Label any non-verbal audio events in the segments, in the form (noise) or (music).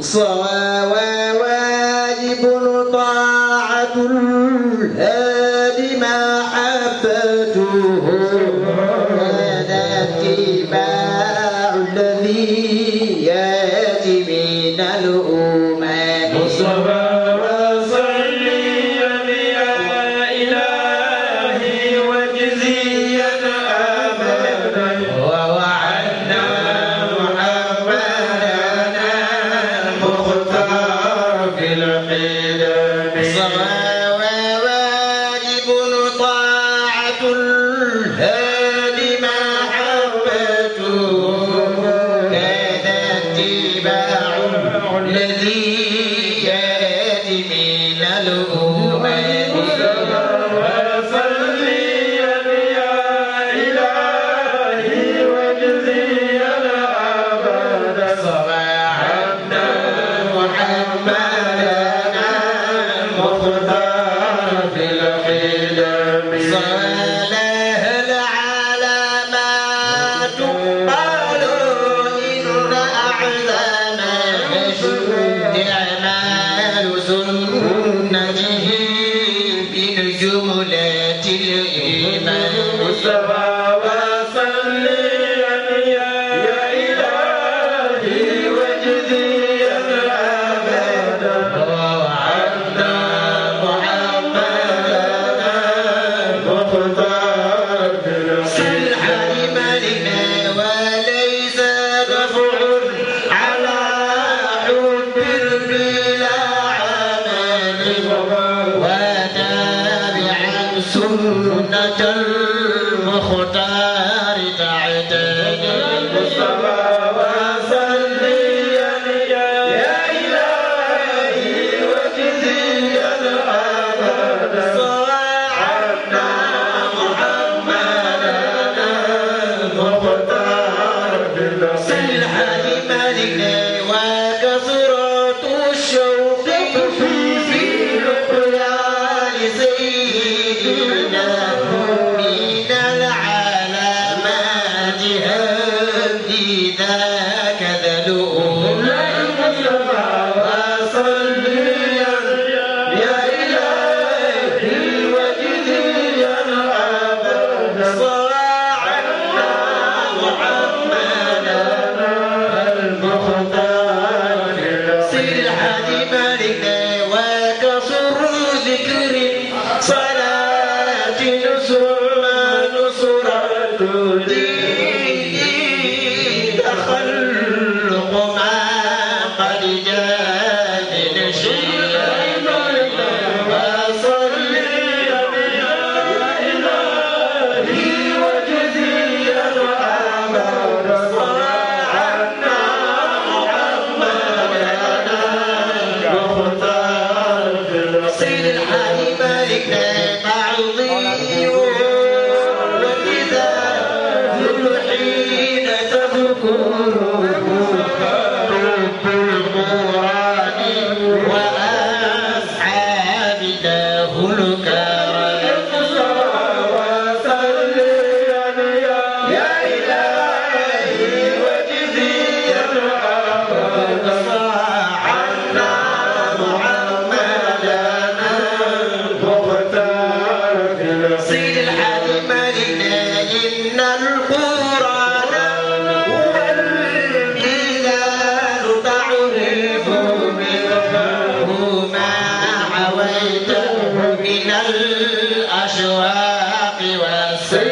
صوى وواجب طاعة الهادي الأشواق والسير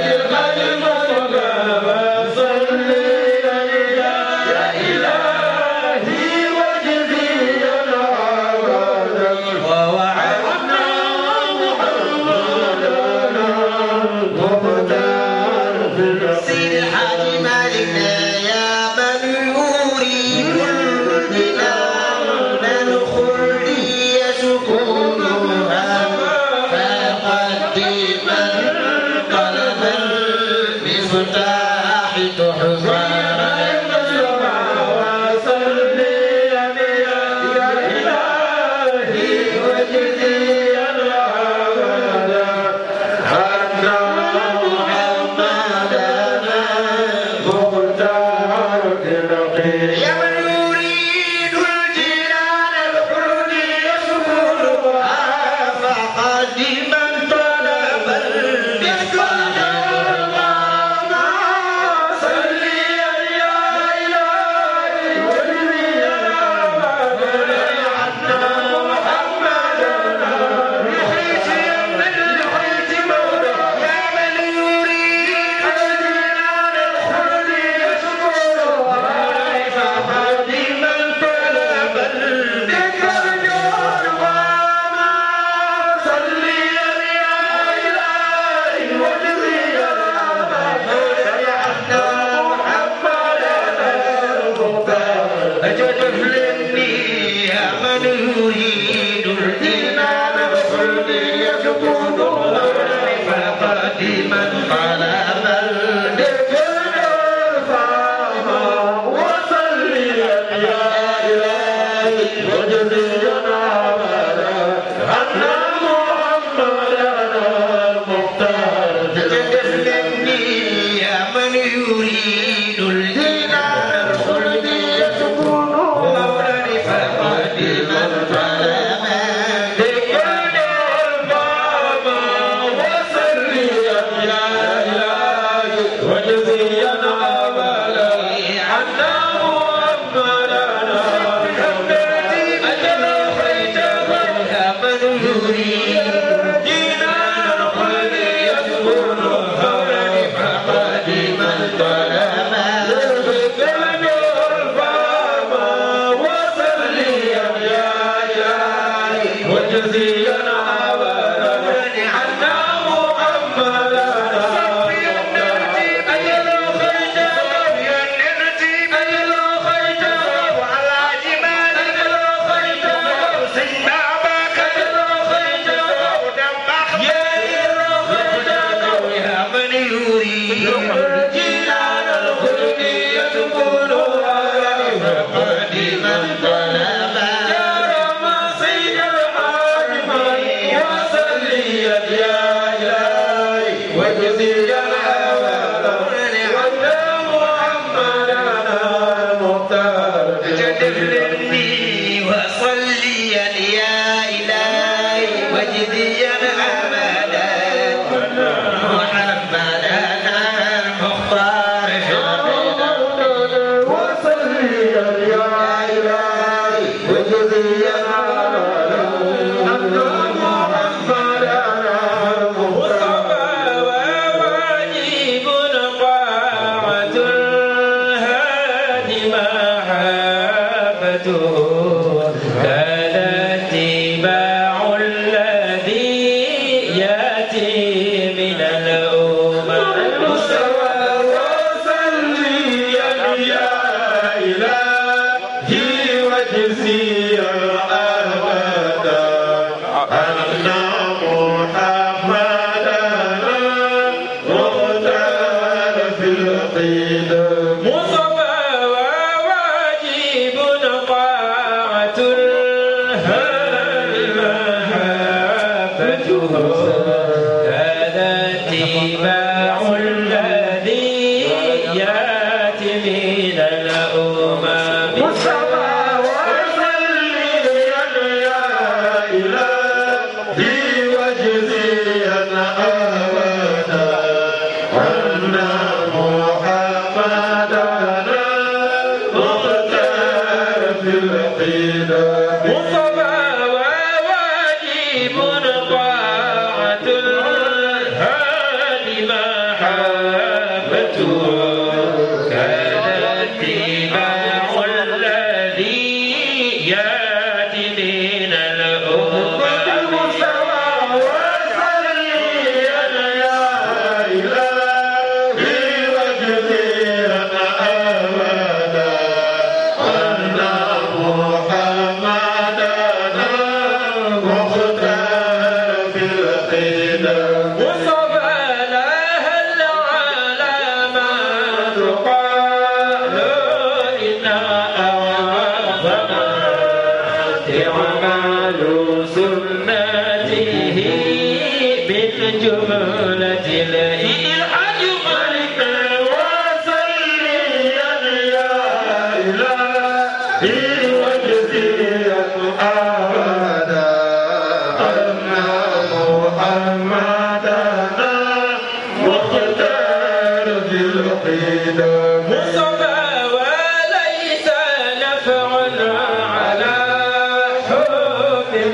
si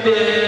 bébé.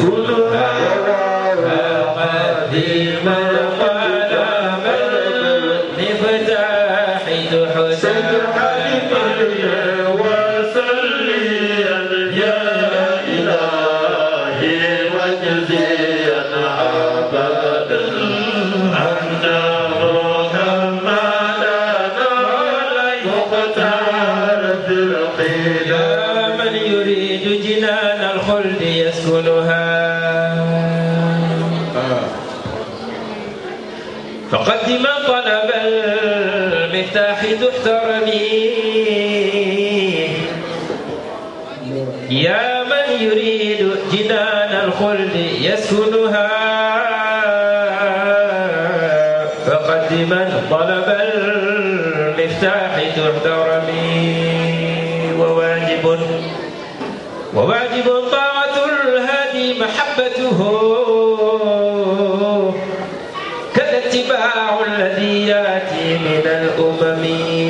كلها قديما يسكنها فقد ما طلب المفتاح تحترمي يا من يريد جنان الخلد يسكنها فقد من طلب المفتاح تحترمي وواجب وواجب طلب محبته كالاتباع الذي ياتي من الامم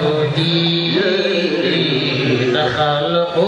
تدين خلق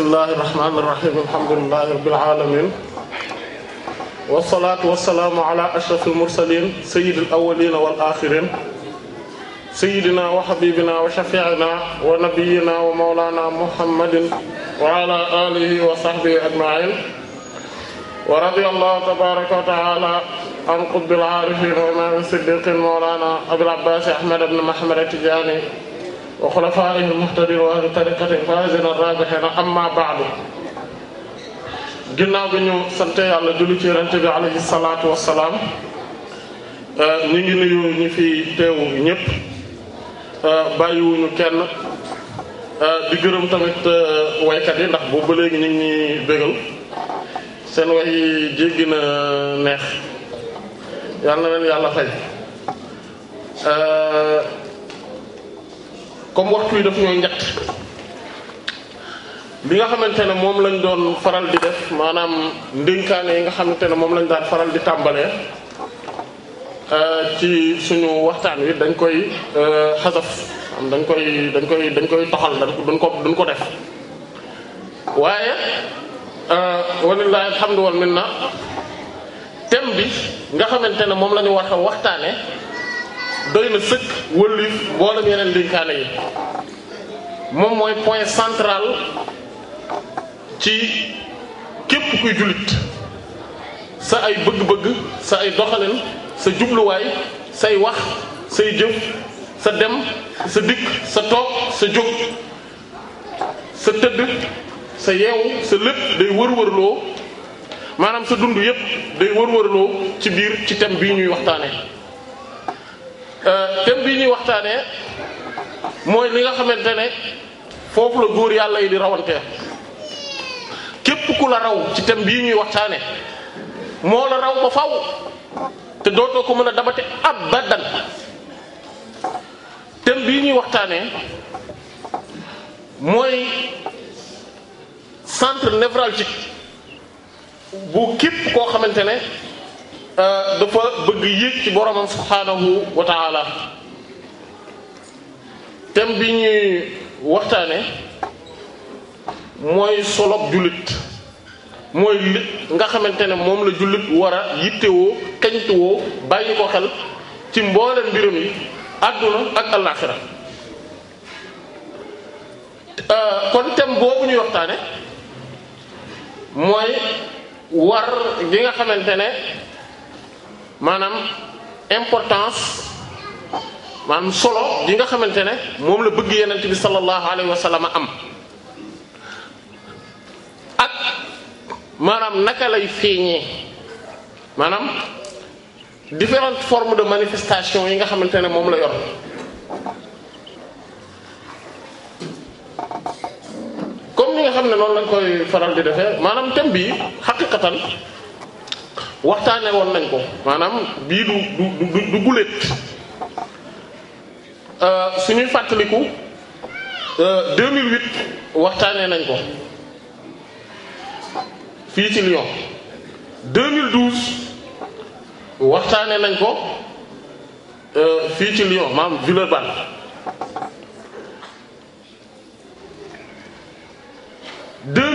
bismillahi irrahmani irrahim alhamdulilahi rabbil alamin wasalaatu wasalaamu ala ashrafil mursalin sayyidil awwalina wal axirin sayyidina wa habibina wa shafi'ina wa nabiyyina wa mawlana muhammadin wa ala alihi wa sahbihi ajma'in wa radiyallahu tabaraka wa ta'ala an qutbil arifin wa imam siddiqin mawlana abil abbas ahmad ibn muhammad at-tijani وخلفائه المهتدين وأهل طريقته الفائزين الرابحين أما بعد ginnaaw bi ñu sant yàlla julli ci yonent bi alayhi salaatu wassalaam euh, ñu ngi nuyu ñi fi teew ñëpp euh, bàyyiwuñu kenn euh, di gërëm tamit woykat yi ndax boobu ba léegi ñu ngi ñuy bégal seen way yi jéggi na neex yàlla na leen yàlla fay. comme waxtu yi daf ñooy njëkk li nga xamante ne moom lañ doon faral di def maanaam ndénkaane yi nga xamante ne moom lañ daan faral di tàmbalee euh, ci suñu waxtaan wi dañ koy euh, xasaf am dañ koy dañ koy dañ koy toxal dañ ko duñ ko def waaye euh, walilahi alhamdu wal minna thème bi nga xamante ne moom la ñu war waxtaane doy na sëkk wëlluif boolam yeneen dénkaane yi moom mooy point central ci képp kuy jullit sa ay bëgg-bëgg sa ay doxalin sa jubluwaay say wax say jëf sa dem sa dikk sa toog sa jóg sa tëdd sa yeewu sa lépp day wërwërloo maanaam sa dund yépp day wërwërloo ci biir ci thème bii ñuy waxtaane Euh, thème bi ñuy waxtaanee mooy li nga xamante ne foofu la góor yàlla yi di rawantee képp ku la raw ci thème bii ñuy waxtaanee moo la raw ko faw te dootoo ko mën a dabate abadan thème bii ñuy waxtaanee mooy centre névralgique bu képp koo xamante ne Euh, dafa bëgg yéeg ci boromam subhaanahu wa taala bi ñuy waxtaane mooy solob jullit mooy lit nga xamante ne moom la jullit war a yittewoo kañtuwoo bàyyi ko xel ci mboolem mbiram yi àdduna ak alaaxira euh, kon thème boobu ñuy waxtaane mooy war gi nga xamante ne maanaam importance maanaam solo yi nga xamante ne moom la bëgg yenent bi sallallahu alayhi wa am ak maanaam naka lay feeñee maanaam différentes formes de manifestation yi nga xamante ne moom la yor comme ni nga xam ne noonu lañ koy faral di defee maanaam thème bii xaqiqatan waxtaane woon nañ ko maanaam bii du du du du guléet euh, suñuy fàttaliku 2008 euh, waxtaane nañ ko fii ci Lyon 2012 waxtaane nañ ko euh, fii ci lion maam Villeurbanne deux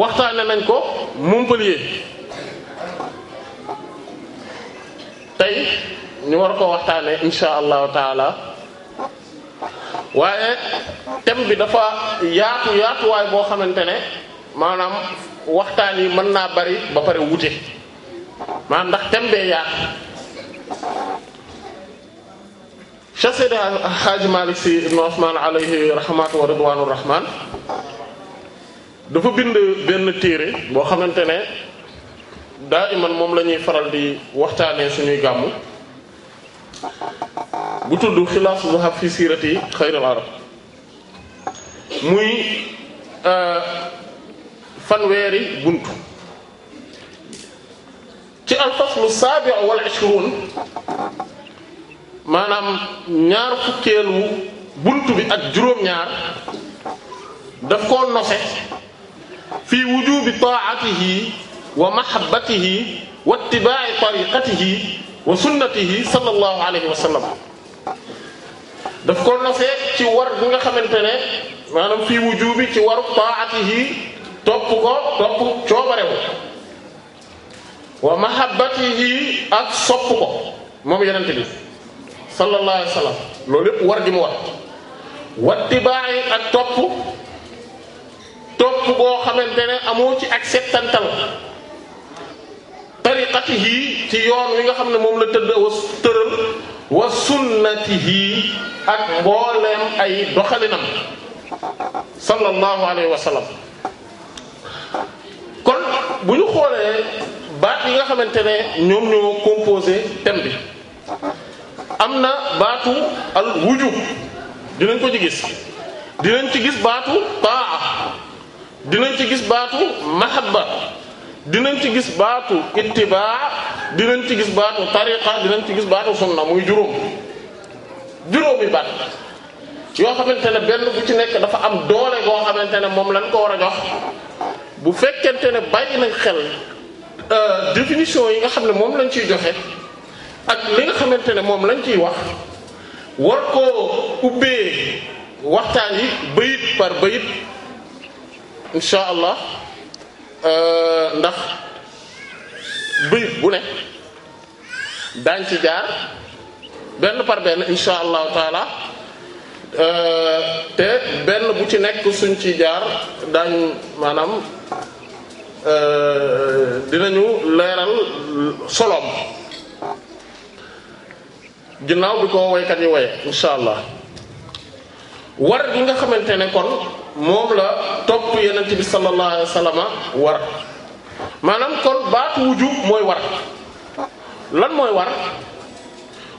waxtaane nañ ko Montpellier tey ñu war ko waxtaane insha allahu taala waaye thème bi dafa yaatu yaatuwaay boo xamante ne maanaam waxtaan yi mën naa bari ba pare wute maanaam ndax thème bee yaatu Cheikh Seydi Hadji Malick Sy ibn Ousmane rahmatu wa ridwanu dafa bind benn téere boo xamante ne daa iman moom lañuy faral di waxtaanee suñuy gàmmu bu tudd xilaasu zahab fi siirati xayril arab muy euh, fanweeri bunt ci alfaslu saabi wal ishruun maanaam ñaar fukkeelu bunt bi ak juróom-ñaar daf koo nose fi wujubi taatihi wa mahabbatihi wa ittibaai tariqatihi wa sunnatihi sallallahu alayhi wa sallam daf ko nosee ci war bi nga xamante ne maanaam fii wujubi ci waru taatihi topp ko topp coobarewu wa mahabbatihi ak sopp ko moom yenente bi sallallahu alayhi wa sallam loolu yépp war gi mu war wa ittibaai ak topp topp goo xamante ne amoo ci ak settantal tariqatihi ci yoon wi nga xam ne moom la tëdd wa tëral wa sunnatihi ak mbooleem ay doxalinam sallallahu alayhi wa sallam kon bu ñu xoolee baat yi nga xamante ne ñoom ñoo composé thème bi am na baatu al wujub dinañ ko ci gis dinañ ci gis baatu taa dinañ ci gis baatu mahabba dinañ ci gis baatu ittibaa dinañ ci gis baatu tariqa dinañ ci gis baatu na muy juróom juróomi baat yoo xamante ne benn bu ci nekk dafa am doole boo xamante ne moom lañ ko war a jox bu fekkente ne bàyyi nañ xel euh, définition yi nga xam ne moom lañ ciy joxe ak li nga xamante ne moom lañ ciy wax war koo ubbee waxtaan yi bayit par bayit insha allah euh, ndax bëyit bu ne daañ ci jaar benn par benn insha allah taala euh, te benn bu ci nekk suñ ci jaar daañ maanaam euh, dinañu leeral solom ginnaaw bi ko woykat yi woye insha allah war gi nga xamante ne kon moom la topp yenent bi sallallahu alayhi wa sallam war maanaam kon baatu wujub mooy war lan mooy war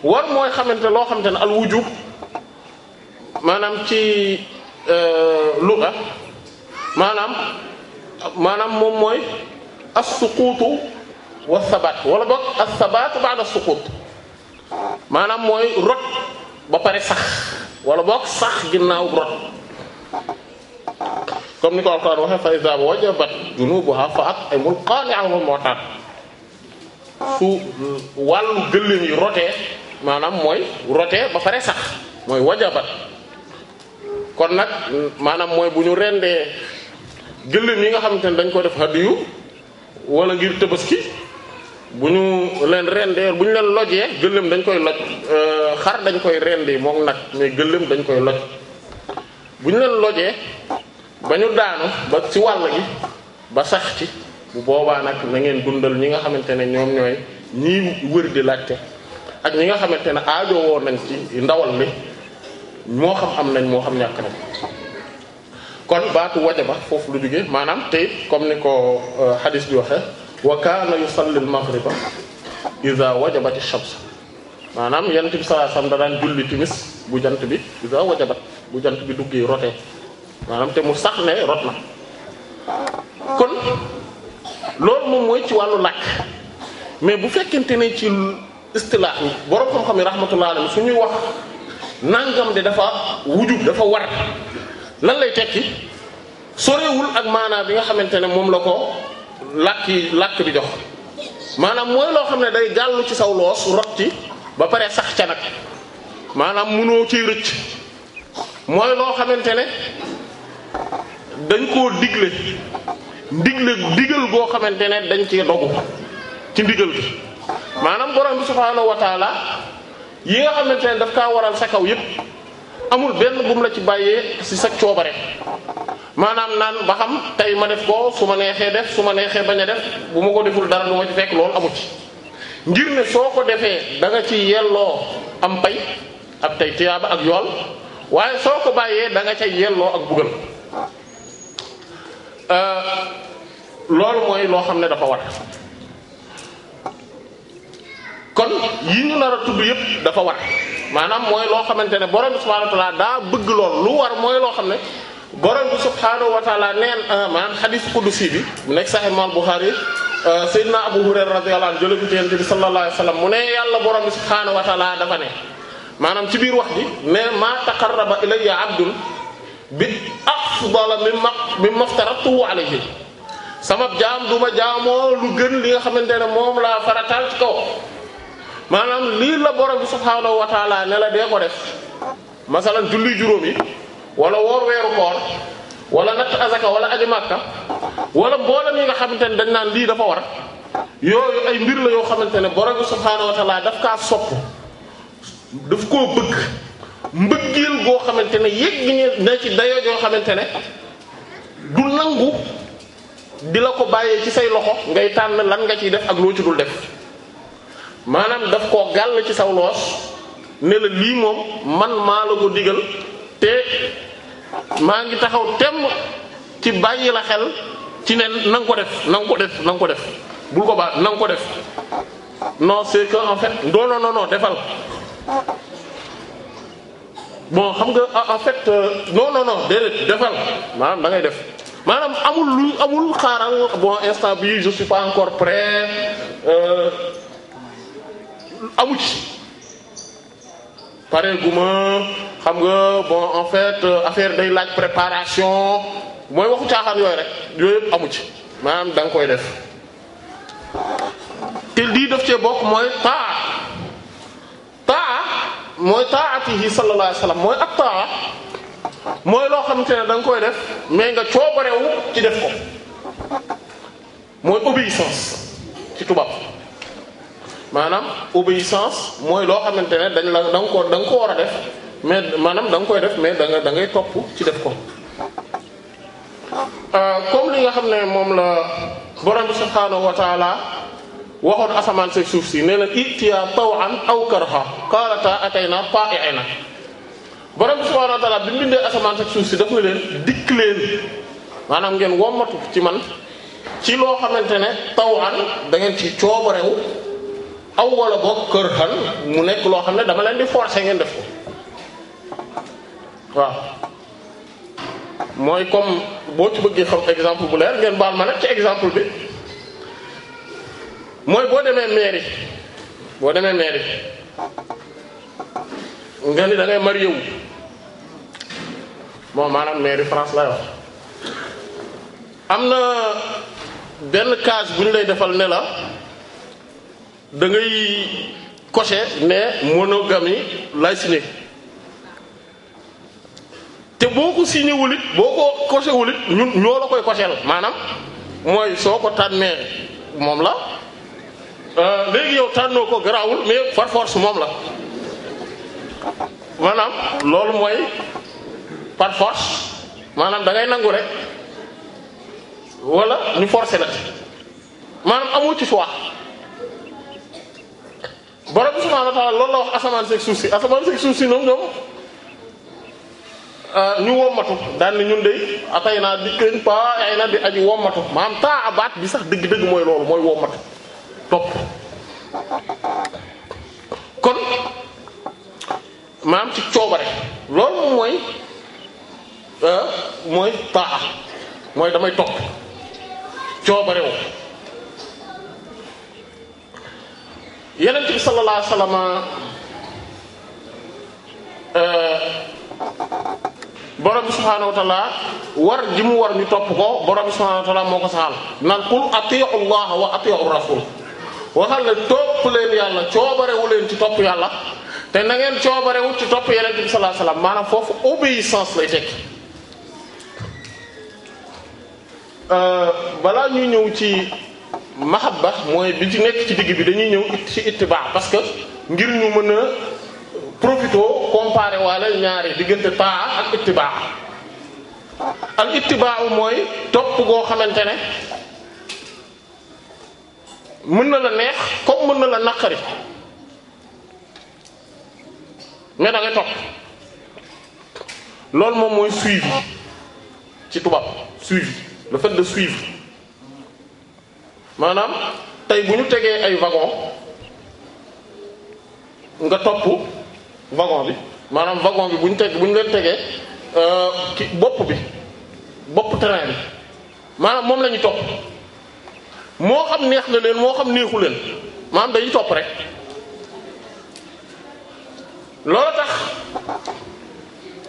war mooy xamante loo xamante ne al wujub maanaam ci euh, luga maanaam maanaam moom mooy as-suqutu wa sabaat wala boog as-sabaat ba'da suqut maanaam mooy rot ba pare sax wala boog sax ginnaaw rot comme ni ko alxuraan waxee fa iza wajabat junubuha fa at'imul qaani'al mu'tar su wàllu gëléem yi rotee maanaam mooy rotee ba pare sax mooy wajabat kon nag maanaam mooy bu ñu rendee gëléem yi nga xamante ne dañ ko def hadiyu wala ngir tabaski bu ñu leen rendee bu ñu leen lojee gëléem dañ koy loj xar dañ koy rendee moom nag mais gëléem dañ koy loj bu ñu leen lojee ba ñu daanu ba ci wàll gi ba sax ci bu boobaa nag na ngeen dundal ñi nga xamante ne ñoom ñooy ñii wër di laajte ak ñi nga xamante ne aajo nañ ci ndawal li moo xam am nañ moo xam ñàkk nañ kon baatu wajaba foofu lu jóge maanaam tey comme ni ko euh, hadis bi waxe wa kaana yusalli al-maghriba iza wajabat ash-shams maanaam yant bi sallallahu alayhi wasallam da daan julli timis bu jant bi iza wajabat bu jant bi duggee rotee maanaam te mu sax ne rot na kon loolu moom mooy ci wàllu làkk mais bu fekkente ne ci istilaax yi borom xam-xam yi rahmatullah alayhi su ñuy wax nangam de dafa wujub dafa war lan lay tekki sorewul ak maanaam bi nga xamante ne moom la ko làkk yi làkk bi dox maanaam mooy loo xam ne day gàllu ci saw loos rot ci ba pare sax ca nag maanaam mënoo ciy rëcc mooy loo xamante ne dañ koo digle digle digal goo xamante ne dañ cee dogu ci ndigal gi maanaam borom bi subhaanahu wa yi nga xamante ne daf kaa waral sa kaw yépp amul benn bu la ci bàyyee si sa coobare maanaam naan ba xam tey ma def ko su ma neexee def su ma neexee bañ a def bu ma ko deful dara du ma ci fekk loolu amul ci ngir ne soo ko defee danga nga ci yelloo am pay ab tey tiyaaba ak yool waaye soo ko bàyyee da nga ca yelloo ak bugal Euh, loolu mooy loo xam ne dafa war kon yi ñu nar a tudd yépp dafa war maanaam mooy loo xamante ne borom bi subhaanahu wa daa bëgg lool lu war mooy loo xam ne borom bi subhaanahu wa taala neen ah, maanaam xadis qudsi bi bu nekk sahih imam Bukhari euh, sayyidina Abu Hurayra radiyallahu anhu jële ko bi sallallahu alayhi mu ne yàlla borom bi subhaanahu wa dafa ne maanaam ci biir wax ji mais ma taqarraba ilayya abdun bi afdala mi ma mi maftaratu alayhi sama jaam du ma jaamoo lu gën li nga xamante ne moom laa farataal ci kaw maanaam lii la borom bi subhaanahu wa taala ne la dee ko def masalan julli juróom yi wala woor weeru koor wala natt azaka wala aji màkka boole mboolem yi nga xamante ne dañ naan lii dafa war yooyu ay mbir la yoo xamante ne borom bi subhaanahu wa taala daf kaa sopp daf koo bëgg mbëggeel goo xamante ne yëgg ne ci dayoo yoo xamante ne du nangu di la ko bàyyee ci say loxo ngay tànn lan nga ciy def ak loo ci dul def maanaam daf koo gàll ci saw loos ne la lii moom man maa la ko digal te maa ngi taxaw temm ci bàyyi la xel ci ne na ko def na nga ko def na nga ko def bul ko baax na nga ko def non c'est que en fait non non non defal bon xam nga en fait euh, non non non déedéet defal maanaam da ngay def maanaam amul lu amul xaaral bon instant bi je suis pas encore prêt euh, amu ci pare gu xam nga bon en fait euh, affaire day laaj préparation mooy waxu caaxaan yooyu rek yooyu yëpp amu ci maanaam danga koy def te lii daf cee bokk mooy taa taa mooy taatihi sallallahu alayhi wasallam mooy at taa mooy loo xamante ne danga koy def mais nga coobarewu ci def ko mooy obéissance ci tubaab maanaam obéissance mooy loo xamante ne dañ la da nga ko da nga ko war a def mais maanaam da nga koy def mais da nga da ngay topp ci def ko euh, comme li nga xam ne moom la borom bi subhaanahu waxoon asamaan seeg suuf si nee na itiya an aw karha qaalataa atayna ta'i'ina borom bi subhaanahu wa ta'aala bi mbindee asamaan seeg suuf si daf na leen dikk leen maanaam ngeen wommatu ci man ci loo xamante ne tawan an dangeen ci coobarewu aw wala boog karhan mu nekk loo xam ne dama leen di forcer ngeen def ko waaw mooy comme boo ci bëggee xam exemple bu leer ngeen baal ma nag ci exemple bi mooy boo demee mairie boo demee mairie nga ni da ngay marié wu moom maanaam mairie France lay am na benn case bu ñu lay defal ne la da ngay cocher ne monogamie lay signé te boo ko signé wul boo ko coché wul it ñoo la koy cocheel maanaam mooy soo ko tànnee moom la Euh, léegi yow tànnoo ko garaawul mais par moom la maanaam loolu mooy par force maanaam da ngay nangu rek wala ñu forcer la maanaam amoo ci choix borom subhaanahu wa ta'aala la wax asamaan seeg suuf si asamaan seeg suuf si ñoom ñoom euh, ñu womatu daan ñun de atay naa di këñ pa ay na di aji wommatu maanaam taa baat bi sax dëgg-dëgg mooy loolu mooy wommatu. topp kon maanaam ci coobare loolu moom mooy ah, mooy paa mooy damay topp coobare wu yeneen bi sallallahu alayhi wasallam ah, borom bi subhaanahu wa war ji mu war ñu topp ko borom bi subhaanahu wa taala moo ko saxal naan qul atii'u llaha wa atii'u rasul waxal leen topp leen yàlla coobarewu leen ci topp yàlla te na ngeen coobarewu ci topp yeneen bi sallallahu alayhi wasallam maanaam foofu obéissance lay tekki euh, balaa ñuy ñëw ci mahabba mooy bi ci nekk ci digg bi dañuy ñëw ci ittiba parce que ngir ñu mën a profité comparé waale ñaari diggante taa ak ittiba al ittiba mooy topp goo xamante ne mën na la neex comme mën na la naqari mais da ngay topp loolu moom mooy suivi ci tubaab suivi le fait de suivre maanaam tey bu ñu tegee ay wagon nga topp wagon bi maanaam wagon bi bu ñu teg bu ñu leen tegee euh, ki bopp bi bopp terrain bi maanaam moom la ñu topp. moo xam neex na leen moo xam neexu leen maanaam dañuy topp rek loolu tax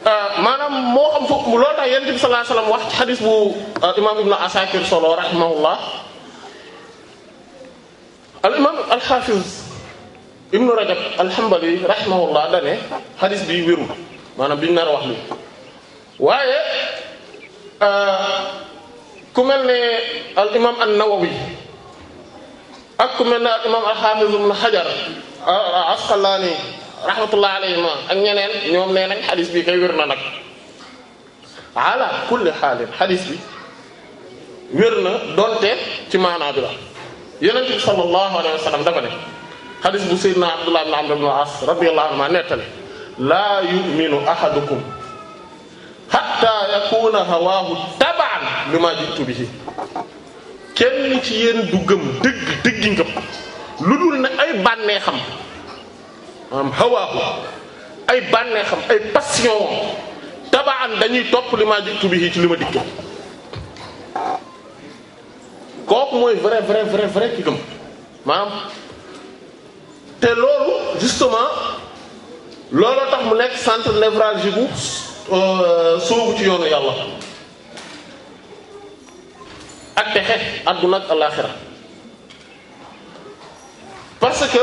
euh, maanaam moo xam foofu loolu tax yonent bi sallallahu alayhi wasallam wax ci xadis bu euh, imaam Ibn Asakir solo rahimahullah al imaam al Rajab al Hanbali rahimahullah da bi wérul maanaam biñ nar wax li waaye. Euh, ku mel ne al imam an-Nawawi ak ku mel ne al imam al-Hafiz ibn Hajar ah, Asqalaani rahmatullah alayhima ak ñoom nee nañ xadis bi kay wér na nag ala kulli xaalin xadis bi wér donte ci maanaa bi la yonent bi sallallahu alayhi wa ne xadis bu sayyidina Abdullah ibn Amr ibn al-As radiyallahu anhu nettali laa yu'minu ahadukum hatta yakuna hawaahu tabaan li maa jiitu bihi kenn ci yéen du gëm dëgg dëggi ngëm lu dul ne ay bànneexam maanaam hawaahu ay bànneexam ay passion tabaan dañuy topp li maa jiitu bihi ci li ma dikke kooku mooy vrai vrai vrai vrai gëm maanaam te loolu justement looloo tax mu nekk centre névralgique bu soobu ci yoonu yàlla ak texe àdduna ak alaaxira parce que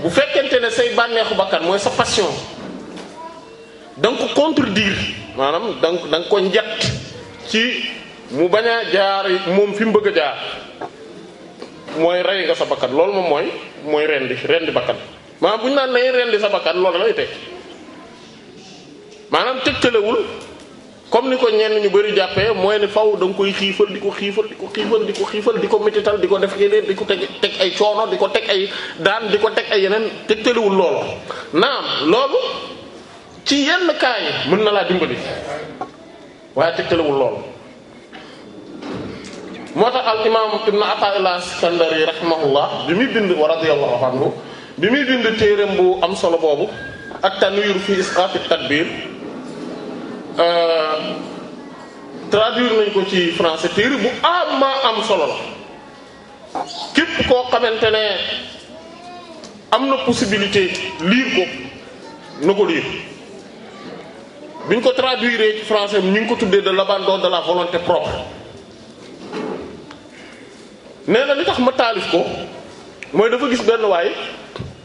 bu fekkente ne say bànneexu bakkan mooy sa passion da nga ko contredire maanaam da nga da nga ko njett ci mu bañ a jaar moom fi mu bëgg a jaar mooy rey nga sa bakkan loolu moom mooy mooy rendi rendi bakkan maanaam bu ñu naan nañ rendi sa bakkan loolu lay teg maanaam tëkkalewul comme ni ko ñenn ñu bari jàppee mooy ne faw da nga koy xiifal di ko xiifal di ko xiifal di ko xiifal di ko di ko def yeneen di ko teg teg ay coono di ko teg ay daan di ko teg ay yeneen tëkkalewul loolu naam loolu ci yenn cas yi mën na laa dimbali waaye tëkkalewul loolu moo tax al imam ibn Ata'illah Iskandari rahimahullah bi muy bind wa radiyallahu anhu bi muy bind téereem bu am solo boobu ak tanwir fi isqaat tadbir euh, traduire nañ ko ci français téere bu ama am solo la képp koo xamante ne am na possibilité lire ko na ko lire bi ko traduire ci français ñu ko tuddee de l'abandon de la volonté propre nee na li tax ma taalif ko mooy dafa gis benn waay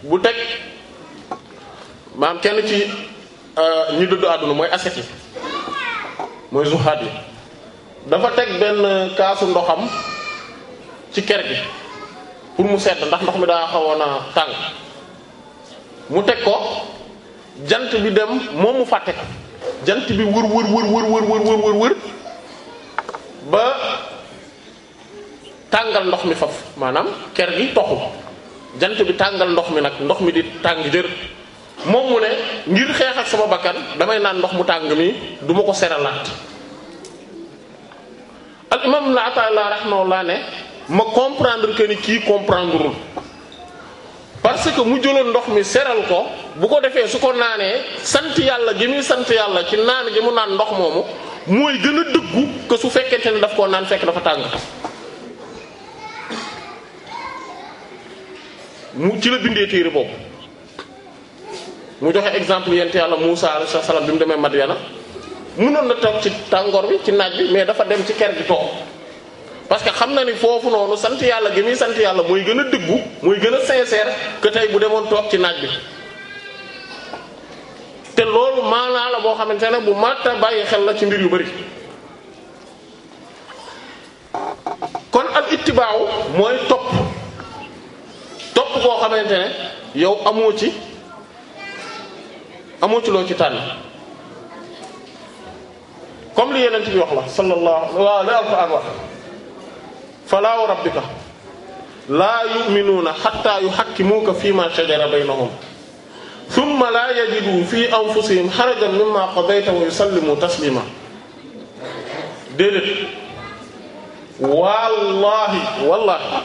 bu teg maam kenn ci euh, ñu dëddu àdduna mooy asset yi mooy zuxaat yi dafa teg benn kaasu ndoxam ci ker gi pour mu sedd ndax ndox mi daa xawoon a tàng mu teg ko jant bi dem moom mu fàtte jant bi wër wër wër wër wër wër wër wër ba tàngal ndox mi faf maanaam ker gi toxu jant bi tàngal ndox mi nag ndox mi di tàng jër moom mu ne ngir xeex ak sama bakkan damay naan ndox mu tàng mi duma ma ko seralaat al imam na atala rahmaullah ne ma comprendre que ni kii comprendreul parce que mu jëloon ndox mi seral ko bu ko defee su ko naanee sant yàlla gi muy sant yàlla ci naan gi mu naan ndox moomu mooy gën a dëggu que su fekkente ne daf koo naan fekk dafa tàng mu ci la bindee téere boobu mu joxe exemple yent yàlla Muusaa alayhi salaam bi mu demee Madyana mënoon na tam ci tàngoor bi ci naaj bi mais dafa dem ci ker gi toog parce que xam na ni foofu noonu sant yàlla gi muy sant yàlla mooy gën a dëggu muy gën a sincère que bu demoon toog ci naaj bi te loolu maanaa la boo xamante ne bu matt bàyyi xel la ci mbir yu bari kon al ittibaaw mooy topp koo xamante ne yow amoo ci amoo ci loo ci tànn comme li yeneen bi i la sallallahu waaw li alquran wax falaa wa rabbika laa yu'minuuna xatta yuxakkimuuka fii ma shajara baynahum thumma laa yajidu fi anfusihim xarajan mimma qadayta wa yusallimu taslima déedéet wallahi wallahi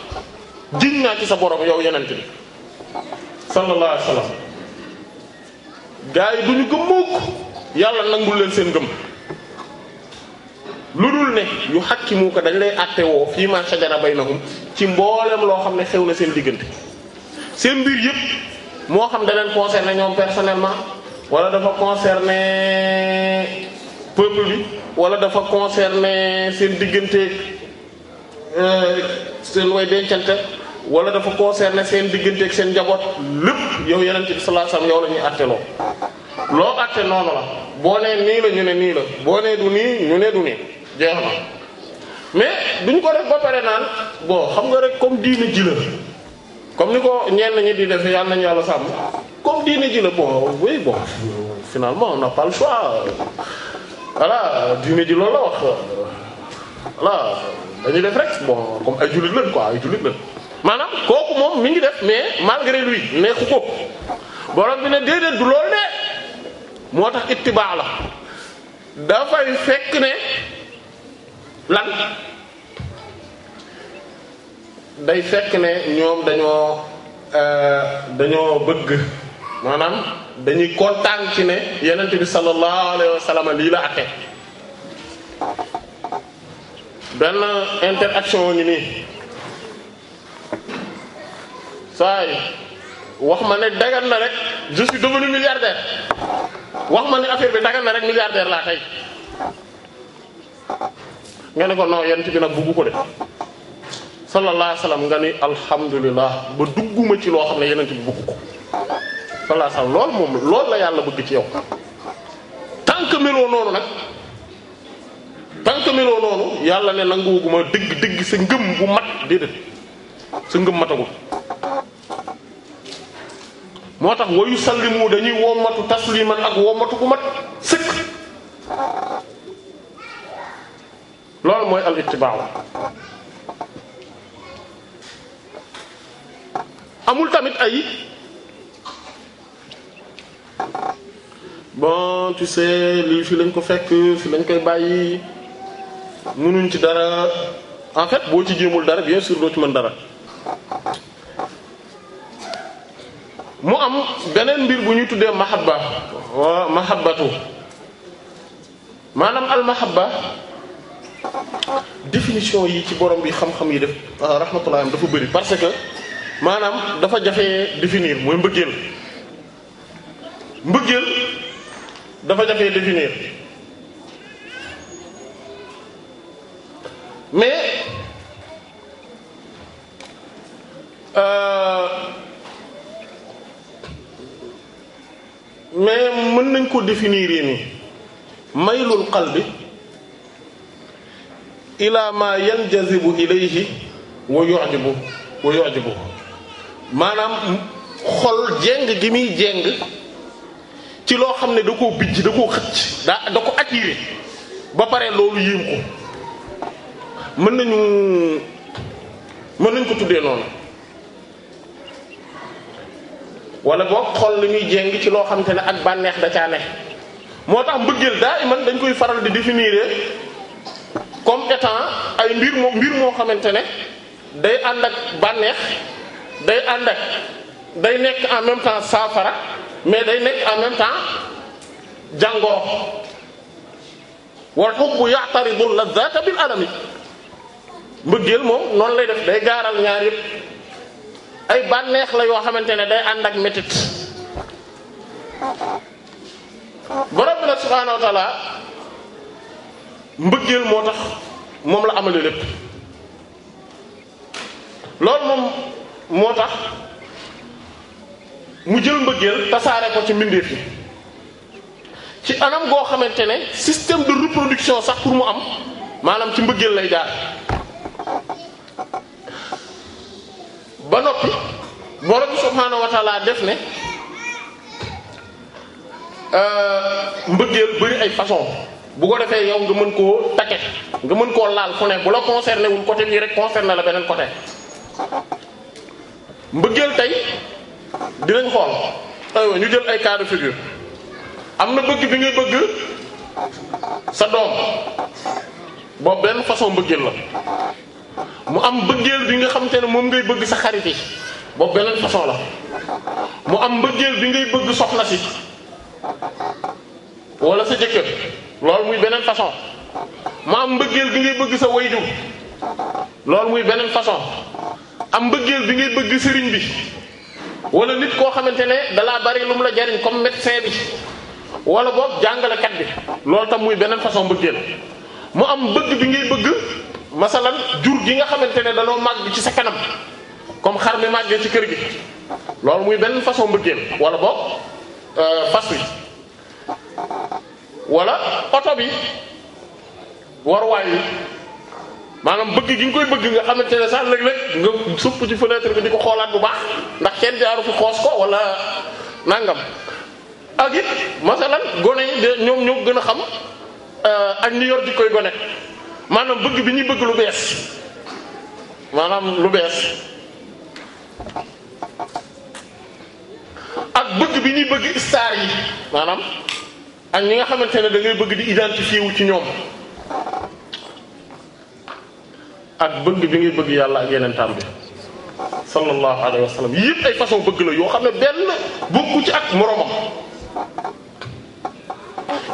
jig naa ci sa borom yow yonent bi sallallahu alayhi wa sallam du ñu gëm mukk yàlla nangul leen seen gëm lu dul ne yu xàkkimu ko dañ lay àtte woo fii ma shajara baynahum ci mbooleem loo xam ne xew na seen diggante seen mbir yëpp moo xam da leen concerné ñoom ma wala dafa concerné peuple bi wala dafa concerné seen diggante seen way dencante wala dafa concerner seen diggante seen njaboot lépp yow yeneen bi sallallahu alayhi wasallam yow la ñuy àtteloo loo àtte noonu la boo nee nii la ñu ne nii la boo nee du nii ñu ne du nii jeex na mais duñ ko def ba pare naan boo xam nga rek comme diine ji la comme ni ko ñenn ñi di def yàlla nañu yàlla sàmm comme diine ji la bon oui bon finalement on n'a pas le choix diine ji la wax voilà. dañuy def rek bon comme ay jullit lañ quoi ay jullit lañ maanaam kooku moom mu ngi def mais malgré lui neexu ko borom bi ne déedéet du lool de moo tax ittibaa la dafay fekk ne lan day fekk ne ñoom dañoo euh, dañoo bëgg maanaam dañuy kontaan ci ne yenent bi sallallahu alayhi wa lii la atte benn interaction ngi nii saa yi wax ma ne dagan na rek je suis devenu milliardaire wax ma ne affaire bi dagan na rek milliardaire laa tey nga ne ko non yent bi nag buggu ko de sallallahu alayhi nga ni alhamdulilah ba dugguma ci loo xam ne yenent bi bugg ko sallallahu alayhi wa moom loolu la yàlla bëgg ci yow tant meloo noonu nag tant noonu yàlla ne nanguwuguma dëgg dëgg sa ngëm bu mat déedéet sa ngëm matagul moo tax wayu sallimu dañuy wommatu tasliman ak wommatu bu mat sëkk loolu mooy al ittibaaw amul tamit ay bon tu sais lii fi lañ ko fekk fi lañ koy bàyyi mënuñ ci dara en fait boo ci jéemul dara bien sûr ci mën dara mu am beneen mbir bu ñuy tuddee mahabba wa mahabbatu maanaam al mahabba définition yi ci borom bi xam-xam yi def euh, rahmatullah dafa bëri parce que maanaam dafa jafee definiir mooy mbëggeel mbëggeel dafa jafee définir mais euh, mais mën nañ ko définir yi nii maylul qalbi ila ma yanjazibu ilayhi wa yu'jibu wa yu'jibu maanaam xol jéng gi muy jéng ci loo xam ne da koo bijj da koo xëcc daa da ko attiré ba pare loolu yéem ko mën nañu mën nañ ko tuddee noonu wala boog xol li muy jéng ci loo xam ne ak bànneex da caa ne moo tax mbëggeel daa man dañ koy faral di définir comme ay mbir moo mbir moo xamante ne day ànd ak bànneex day ànd ak day nekk en même saafara mais day nekk en même temps jàngoro wal hubbu ya'taridu ladhata bil alami mbëggeel moom noonu lay def day gaaral ñaar yëpp ay bànneex la yoo xamante ne day ànd ak métit borom bi nag subhaanahu wa taala mbëggeel moo tax moom la amale lépp loolu moom moo tax mu jël mbëggeel tasaare ko ci mbindeef yi ci anam goo xamante ne système de reproduction sax pour mu am maanaam ci mbëggeel lay jaar ba noppi borom subhaanahu wa taala def ne euh, mbëggeel bari ay façon bu ko defee yow nga mën koo take nga mën koo laal fu ne bu la concerné wul côté bii rek concerné la beneen côté mbëggeel tey dinañ xool aywa ñu jël ay cas de am na bëgg bi nga bëgg sa doom boobu benn façon mbëggeel la mu am bëggeel bi nga xamante ne moom ngay bëgg sa xarit yi boobu beneen façon la mu am mbëggeel bi ngay bëgg soxla si wala sa jëkkër loolu muy beneen façon mu am mbëggeel bi ngay bëgg sa wayjur loolu muy beneen façon am mbëggeel bi ngay bëgg sëriñ bi wala nit koo xamante ne dalaa bari lu mu la jariñ comme médecin bi wala boog jàngalekat bi loolu tam muy beneen façon mbëggeel mu am bëgg bi ngay bëgg masalan jur gi nga xamante ne danoo màgg ci sa kanam comme xar mi màggee ci kër gi loolu muy benn façon mbëggeel wala boog euh, fas wi wala oto bi waruwaay yi maanaam bëgg gi nga koy bëgg nga xamante ne sax léeg-léeg nga supp ci fenêtre bi di ko xoolaat bu baax ndax kenn jaaru fi xoos ko wala nàngam ak it masalan gone yi ñoom ñoo gën a xam euh, ak ñu yor di koy gone maanaam bëgg bi ñuy bëgg lu bees maanaam lu bees ak bëgg bi ñuy bëgg star yi maanaam ak ñi nga xamante ne dangay bëgg di identifié wu ci ñoom ak bëgg bi ngay bëgg yàlla ak yeneen tam bi sallallahu alayhi wa sallam yëpp ay façon bëgg la yoo xam ne benn bokku ci ak moroomam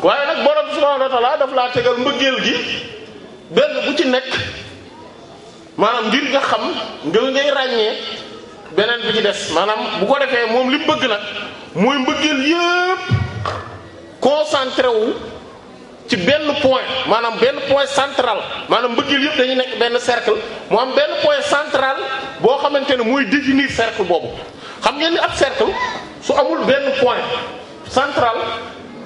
waaye nag borom subhanahu wa ta'ala daf laa tegal mbëggeel gi benn bu ci nekk maanaam ngir nga xam nga ngay ràññee beneen bi ci des maanaam bu ko defee moom li bëgg nag mooy mbëggeel yépp concentré wu ci benn point maanaam benn point central maanaam mbëggeel yépp dañuy nekk benn cercle moo am benn point central boo xamante ne mooy définir cercle boobu xam ngeen ni ab cercle su amul benn point central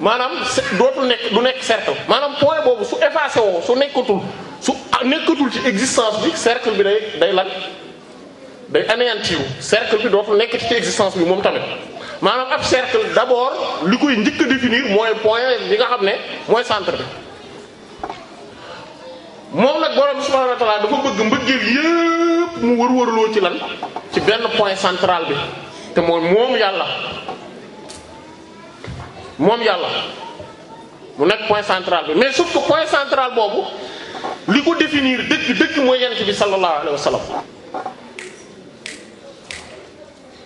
maanaam dootul nekk du nekk cercle maanaam point boobu su effacé woo su nekkatul su nekkatul ci existence bi cercle bi day day lan day anéantir cercle bi dootul nekk ci existence bi moom tamit maanaam ab cercle d'abord li koy njëkk a définir mooy point bi nga xam ne mooy centre bi moom nag borom subhanahu wa ta'ala dafa bëgg mbëggeel yépp mu wër-wërloo ci lan ci benn point central bi te mooy moom yàlla moom yàlla mu nekk point central bi mais sauf que point central boobu li ko définir dëgg dëgg mooy yent bi sallallahu alayhi wa sallam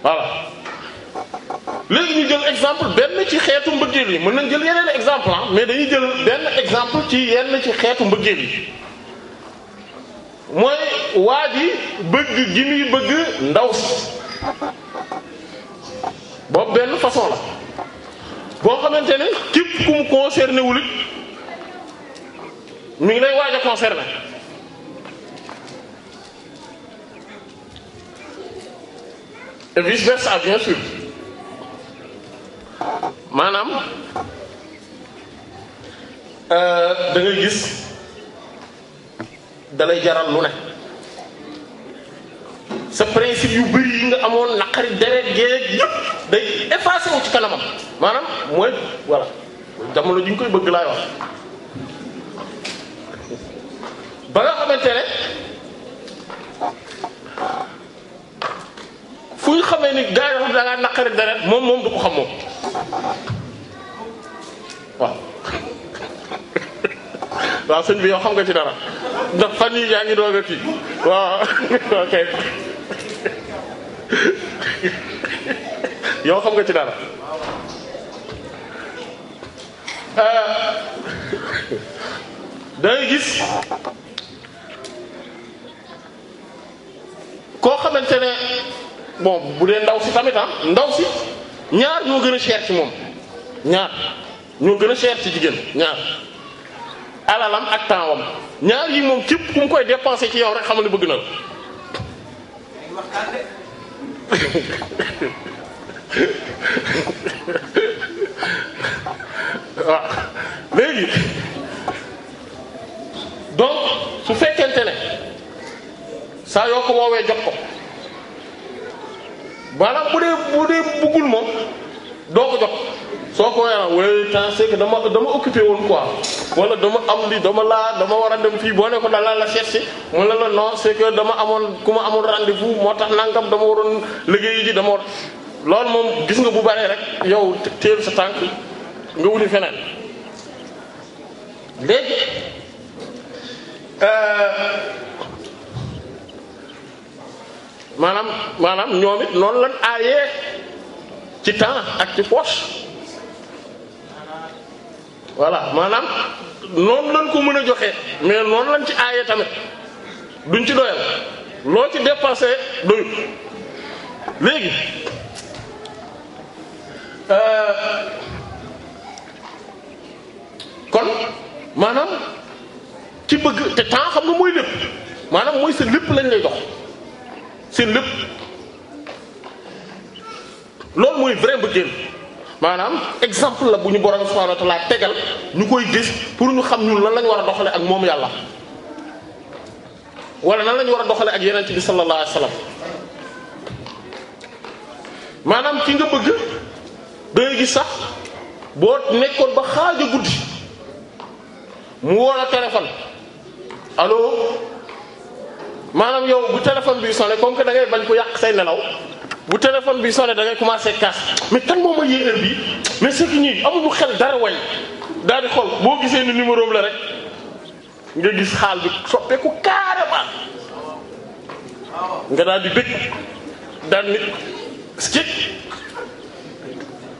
voilà léegi ñu jël exemple benn ci xeetu mbëggeel yi mën nañ jël yeneen exemple ah, mais dañuy jël benn exemple ci yenn ci xeetu mbëggeel yi mooy waa ji bëgg gi muy bëgg ndaw si boobu benn façon la boo xamante ne képp ku mu concerné wul it ngi lay waaj a concerné et vice versa bien sûr maanaam euh, da ngay gis dalay jaral lu sa principe yu bëri yi nga amoon naqari deret géej yëpp day effacé wu ci kanamam maanaam mooy voilà jamono ji ñu koy bëgg laay wax ba nga xamante ne fu ñu xamee ni gars yi wax da naqari deret moom moom du ko xam moom waaw waaw sëñ bi yow xam nga ci dara ndax fan yii yaa ngi doog a kii waaw (laughs) ok (laughs) yow xam nga ci dara euh, dangay gis koo xamante ne bon bu dee ndaw si tamit ah ndaw si ñaar ñoo gën a cher ci moom ñaar ñoo gën a cher ci jigéen ñaar alalam ak temps ñaar yi moom képp ku mu koy dépenser ci yow rek xamal ne bëgg na waxtaan de waaw (laughs) léegi donc su fekkente ne saa yoo ko woowee jox ko maanaam bu dee bu dee bëggul moom doo ko jox soo ko weeroon wala temps c'est que dama dama occupé woon quoi wala dama am lii dama laa dama war a dem fii boo ne ko dalaa la seet si mu ne la non c'est que dama amoon ku ma amoon rendez-vous moo tax nangam dama waroon liggéey ji dama moom gis nga bu baree rek yow teel sa tànk nga wuti feneen léegi euh, maanaam maanaam ñoom it noonu la aaye ci temps ak ci poche voilà maanaam noonu lañ ko mën a joxe mais noonu lañ ci aaye tamit duñ ci doyal loo ci dépassé doyut léegi euh, kon maanaam ci bëgg te temps xam nga mooy lépp maanaam mooy seen lépp lañ lay jox seen lépp loolu mooy vrai mbëggeel maanaam exemple la bu ñu borom subhanahu wa tegal ñu koy gis pour ñu xam ñun lan lañ war a doxale yàlla wala nan lañ war a doxale ak yeneen bi sallallahu alayhi maanaam ki nga bëgg day sax boo nekkoon ba xaaja guddi mu woo la téléphone allo maanaam yow bu téléphone bi sonné comme que da ngay bañ ko yàq say nelaw bu téléphone bi sonné da ngay commencé kaas mais kan moo ma yee heure bi mais c'est que ñii mu xel dara way dal di xool boo gisee ni numéro la rek nga gis xaal bi soppeeku carrément nga daal di bëgg daal ni skit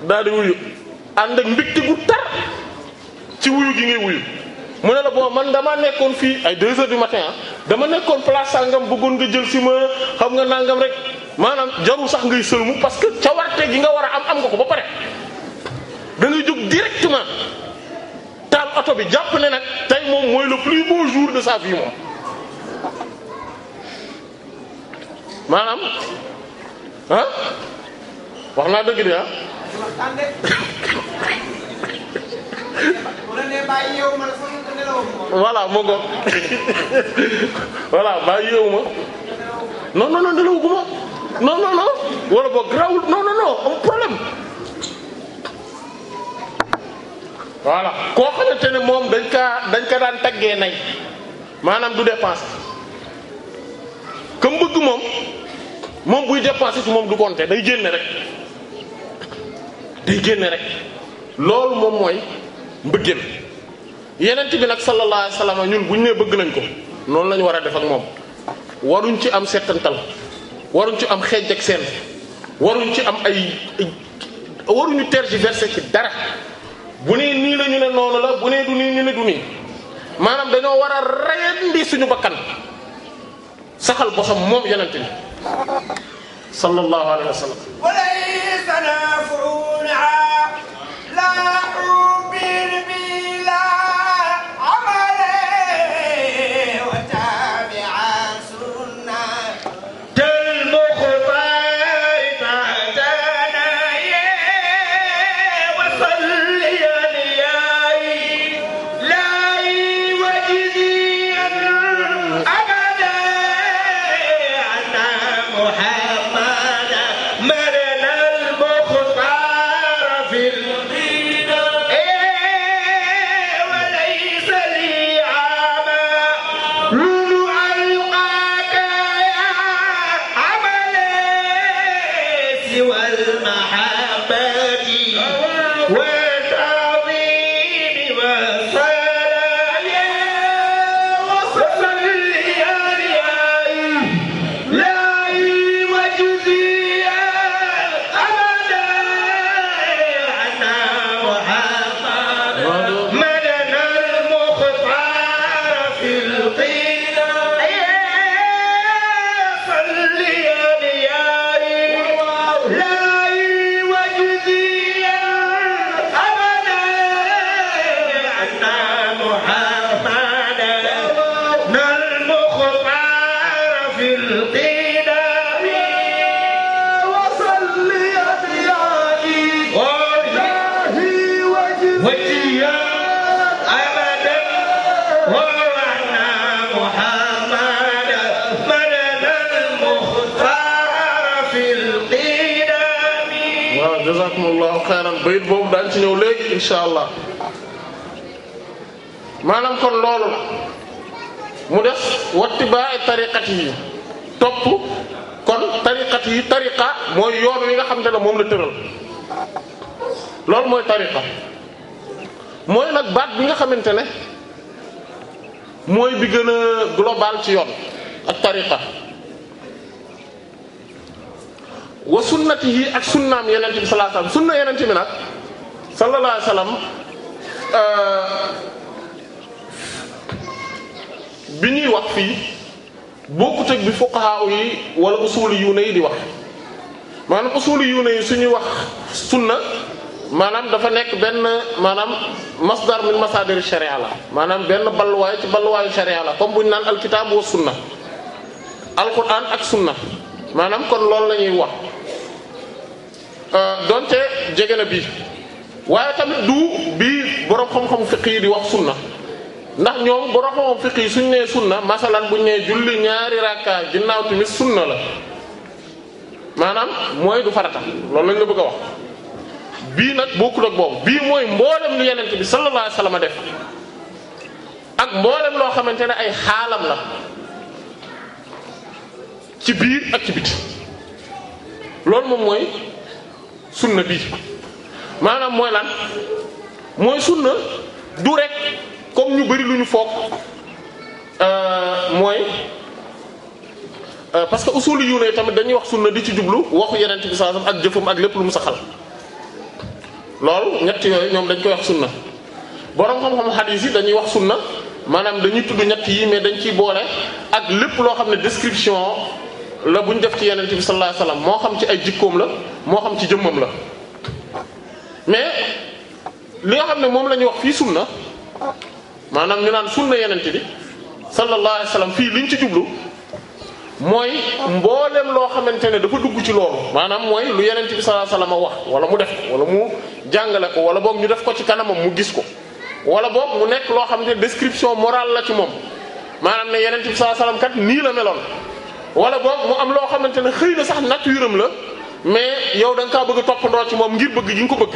daal di wuyu ànd ak mbégte gu tar ci wuyu gi ngay wuyu mu ne la bon man damaa nekkoon fii ay deux heures du matin ah dama nekkoon place sàngam bëggoon nga jël si ma xam nga nàngam rek maanaam jarul sax ngay sëlmu parce que ca warte gi nga war a am am nga ko ba pare da ngay jóg directement taal oto bi jàpp ne nag tey moom mooy le plus beau jour de sa vie moom maanaam ah wax naa dëgg de ah (laughs) moo ngoog (laughs) voilà bàyyi yeewu ma non non non nelawuguma non non non wala boog grawul non non problème voilà koo xamante ne moom dañ kaa dañ ka daan taggee nay maanaam du dépense comme bëgg moom moom buy dépenser ci moom du compter day génne rek day génne rek loolu moom mooy mbëggeel yeneen bi nag sallallahu alayhi ñun bu ñu nee bëgg nañ ko noonu la ñu war a def ak moom waruñ ci am settantal waruñ ci am xeej ak seen waruñ ci am ay waruñu tergiverser ci dara bu nee nii la ñu ne noonu la bu nee du nii ñu ne du nii maanaam dañoo war a rayandi suñu bakkan saxal bosam moom yenente bi sallallahu alayhi bayit boobu daan ci ñëw léegi insha allah maanaam kon loolu la mu def wattibaay tariqat yi topp kon tariqat yi tariqa mooy yoon wi nga xam te ne moom la tëral loolu mooy tariqa mooy nag baat bi nga xamante ne mooy bi gën a global ci yoon ak tariqa wa sunnatihi ak sunnaam yenente bi sallallahu alayhi wasallam sunna yenente bi nag sallallahu alayhi wasallam euh, bi ñuy wax fii bokkut ak bi fuqaha yi wala usuli yu ne yi di wax maanaam usuli yu ne yi suñuy wax sunna maanaam dafa nekk benn maanaam masdar min masadir sharia la maanaam benn balluwaay ci balluwaayu sharia la comme bu ñu naan alkitaab wa sunna alquran ak sunna maanaam kon loolu la ñuy wax Euh, donte jege na bii waaye tamit du bii borom xam-xam fiq yi di wax sunna ndax ñoom borom xam-xam fiq yi suñ nee sunna masalan buñ nee julli ñaari rakka ginnaaw tamit sunna la maanaam mooy du farata loolu lañ la bëgg a wax bii nag bokkul ak boobu bii mooy mboolem lu yenent bi sallallahu alayhi wasallam def ak mboolem loo xamante ne ay xaalam la ci biir ak ci biti loolu moom mooy sunna bi maanaam mooy lan mooy sunna du rek comme ñu bari lu ñu foog euh, mooy euh, parce que usuli yu ne tamit dañuy wax sunna di ci jublu waxu yenent bi sallallahu alayhi wasallam ak jëfam ak lépp lu mu saxal loolu ñett yooyu ñoom dañ koy wax sunna borom xam-xam xadiis yi dañuy wax na maanaam dañuy tudd ñett yi mais dañ ciy boole ak lépp loo xam ne description la bu ñu def ci yenent bi sallallahu alayhi wasallam moo xam ci ay jikkoom la moo xam ci jëmmam la mais li nga xam ne moom la ñuy wax fii na maanaam ñu naan sunna yenent bi sallallahu alayhi wasallam fii liñ ci jublu mooy mboolem loo xamante ne dafa dugg ci loolu maanaam mooy lu yenent bi sallallahu alayhi wax wala mu def ko wala mu jàngale ko wala boog ñu def ko ci kanamam mu gis ko wala boog mu nekk loo xam ne description morale la ci moom maanaam ne yenent bi sallallahu alayhi wasallam kat nii la meloon wala boog mu am loo xamante ne xëy na sax nature am la mais yow da nga kaa bëgg a toppandoo ci moom ngir bëgg gi nga ko bëgg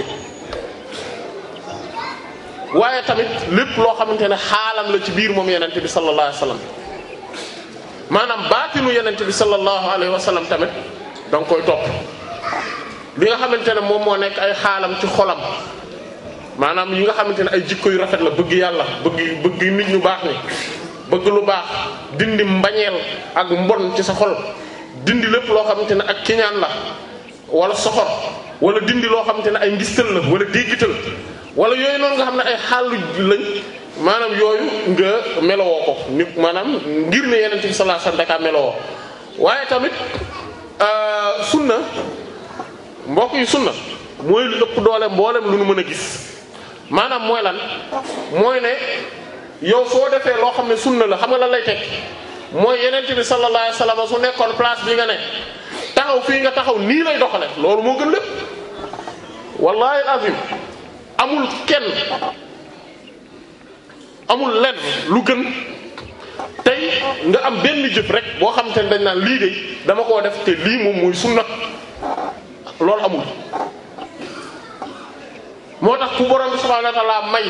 waaye tamit lépp loo xamante ne xaalam la ci biir moom yenente bi sallallahu alayhi wa sallam maanaam baatinu yenente bi sallallahu alayhi wa sallam tamit da nga koy topp li nga xamante ne moom moo nekk ay xaalam ci xolam maanaam yi nga xamante ne ay jikko yu rafet la bëgg yàlla bëgg bëgg nit ñu baax ni bëgg lu baax dindi mbañeel ak mbon ci sa xol dindi lépp loo xamante ne ak kiñaan la wala soxor wala dindi loo xamante ne ay ngistal la wala déggital wala yooyu noonu nga xam ne ay xaalu lañ maanaam yooyu nga melowoo ko ni maanaam ngir ne yeneen bi sallallahu alayhi wasallam dakaa melowoo waaye tamit euh, sunna mbokk yu sunna mooy lu doole mboolem lu nu mën a gis maanaam mooy lan mooy ne yow soo defee loo xam ne sunna la xam nga lan lay teg mooy yenent bi sallallahu alayhi su nekkoon place bi nga ne taxaw fii nga taxaw nii lay doxale loolu moo gën lépp wallahi azim amul kenn amul lenn lu gën tey nga am benn jëp rek boo xam te ne dañ naan lii de dama koo def te lii moom muy sunna loolu amul moo tax ku borom bi subhanahu may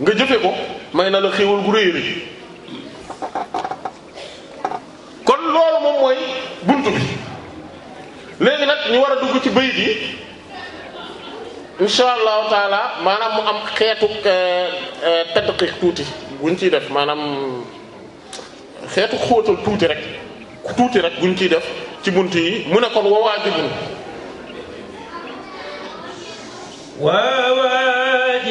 nga jëfe ko may na la xéewal gu rëy rëy kon loolu moom mooy bunt bi léegi nag ñu war a dugg ci bayit yi insha allahu taala maanaam mu am xeetu euh, euh, tadqiq tuuti buñ ci def maanaam xeetu xóotal tuuti rek tuuti rek buñ ciy def ci bunt yi mu ne kon wawaajibun محبته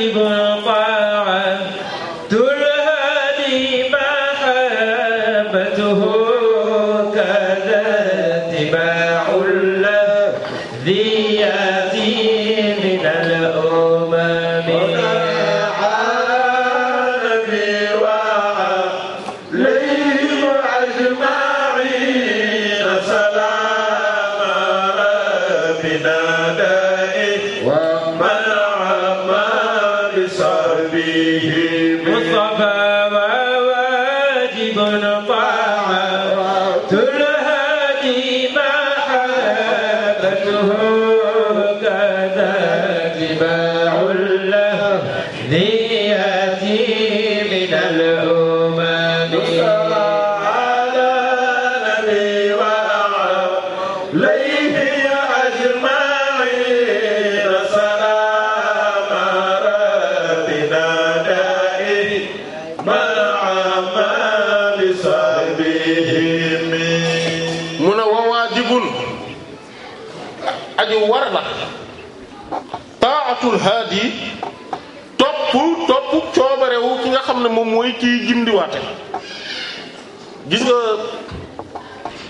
They gis nga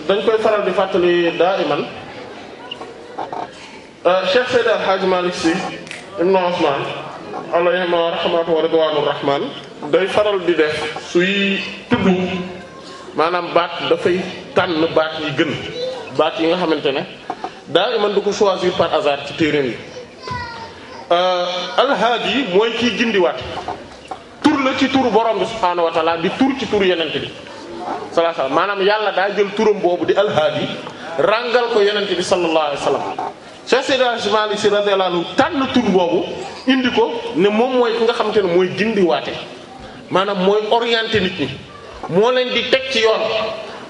dañ koy faral di fàttali daa iman euh, Cheikh Seydi El Hadji Malick Sy ibnu Usmaan alayhima rahmatu wa ridwaanu rahmaan day faral di def suy tudd maanaam baat dafay tànn baat yi gën baat yi nga xamante ne daa iman du ko choisir par hasard ci téeréen yi euh, alhaadi mooy kiy gindiwaat la ci turu borom bi subhaanahu wa taala di tur ci bi sallallahu alayhi wasallam yàlla daa jël turam boobu di alhaadi ràngal ko yenente bi sallallahu alayhi wasallam Cheikh Seydina Malick Sy radiyallahu anhu tànn tur boobu indi ko ne moom mooy ki nga xamante ne mooy gindiwaate maanaam mooy orienté nit ñi moo leen di teg ci yoon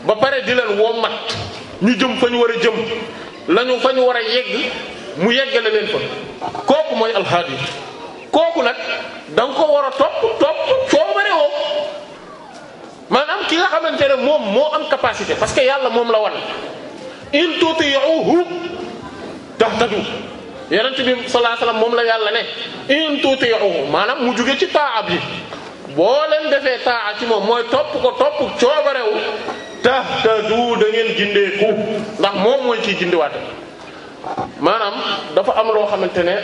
ba pare di leen woo mat ñu jëm fa ñu war a jëm lañu fa ñu war a yegg mu yeggale leen ko kooku mooy alhaadi kooku nag da ko war a topp topp coobare maanaam ki nga xamante ne moom moo am capacité parce que yàlla moom la wan in tuti'uhu tahtadu yonent bi sallallahu alayhi wasallam moom la yàlla ne in tuti'uhu maanaam mu jóge ci taa ab yi boo leen defee taa ci moom mooy topp ko topp coobarewu tahtadu dangeen ngeen gindeeku ndax moom mooy ciy gindiwaate maanaam dafa am loo xamante ne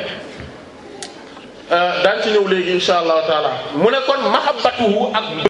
daan ci ñëw léegi incha allahu taala mu ne kon mahabbatuhu ak